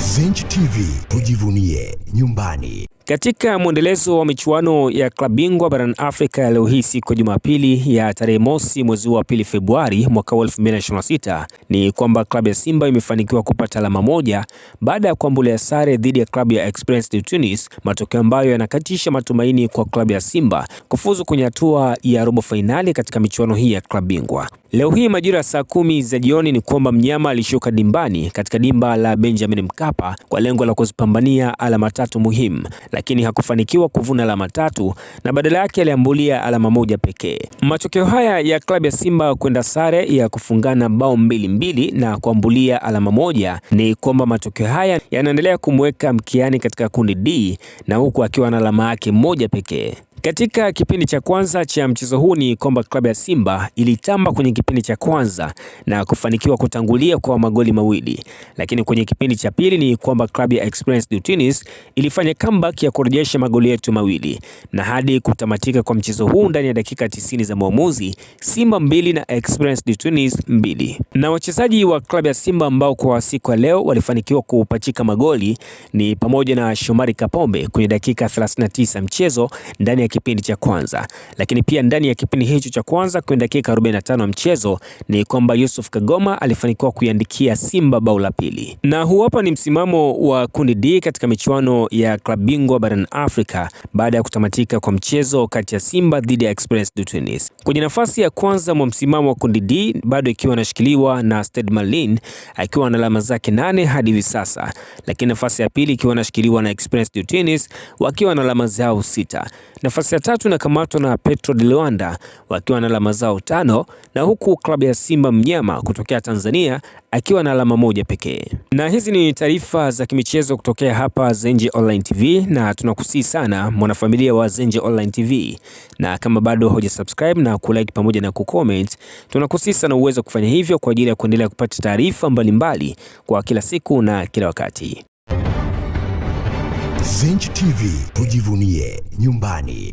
Zenj TV tujivunie nyumbani. Katika mwendelezo wa michuano ya klabu bingwa barani Afrika leo hii siku ya Jumapili ya tarehe mosi mwezi wa pili Februari mwaka 2026 ni kwamba klabu ya Simba imefanikiwa kupata alama moja baada ya kuambulia sare dhidi ya klabu ya Esperance de Tunis, matokeo ambayo yanakatisha matumaini kwa klabu ya Simba kufuzu kwenye hatua ya robo fainali katika michuano hii ya klabu bingwa. Leo hii majira ya saa kumi za jioni ni kwamba mnyama alishuka dimbani katika dimba la Benjamin Mkapa kwa lengo la kuzipambania alama tatu muhimu lakini hakufanikiwa kuvuna alama tatu na badala yake aliambulia alama moja pekee. Matokeo haya ya klabu ya Simba kwenda sare ya kufungana bao mbili mbili na kuambulia alama moja ni kwamba matokeo haya yanaendelea kumweka mkiani katika kundi D na huku akiwa na alama yake moja pekee. Katika kipindi cha kwanza cha mchezo huu ni kwamba klabu ya Simba ilitamba kwenye kipindi cha kwanza na kufanikiwa kutangulia kwa magoli mawili, lakini kwenye kipindi cha pili ni kwamba klabu ya Esperance de Tunis ilifanya comeback ya kurejesha magoli yetu mawili, na hadi kutamatika kwa mchezo huu ndani ya dakika 90 za mwamuzi, Simba mbili na Esperance de Tunis mbili. Na wachezaji wa klabu ya Simba ambao kwa siku ya leo walifanikiwa kupachika magoli ni pamoja na Shomari Kapombe kwenye dakika 39 mchezo ndani ya kipindi cha kwanza, lakini pia ndani ya kipindi hicho cha kwanza kwenye dakika 45 ya mchezo ni kwamba Yusuf Kagoma alifanikiwa kuiandikia Simba bao la pili, na huu hapa ni msimamo wa kundi D katika michuano ya klabu bingwa barani Afrika baada ya kutamatika kwa mchezo kati ya Simba dhidi ya Esperance de Tunis. Kwenye nafasi ya kwanza mwa msimamo wa kundi D bado ikiwa anashikiliwa na Stade Malien akiwa na alama zake nane hadi hivi sasa, lakini nafasi ya pili ikiwa anashikiliwa na Esperance de Tunis wakiwa na alama zao sita. Nafasi Nafasi ya tatu inakamatwa na Petro de Luanda wakiwa na alama zao tano, na huku klabu ya Simba mnyama kutokea Tanzania akiwa na alama moja pekee. Na hizi ni taarifa za kimichezo kutokea hapa Zenji Online TV, na tunakusii sana mwanafamilia wa Zenji Online TV, na kama bado hoja subscribe na kulike pamoja na kucomment, tunakusii sana uweze kufanya hivyo kwa ajili ya kuendelea kupata taarifa mbalimbali kwa kila siku na kila wakati. Zenj TV tujivunie nyumbani.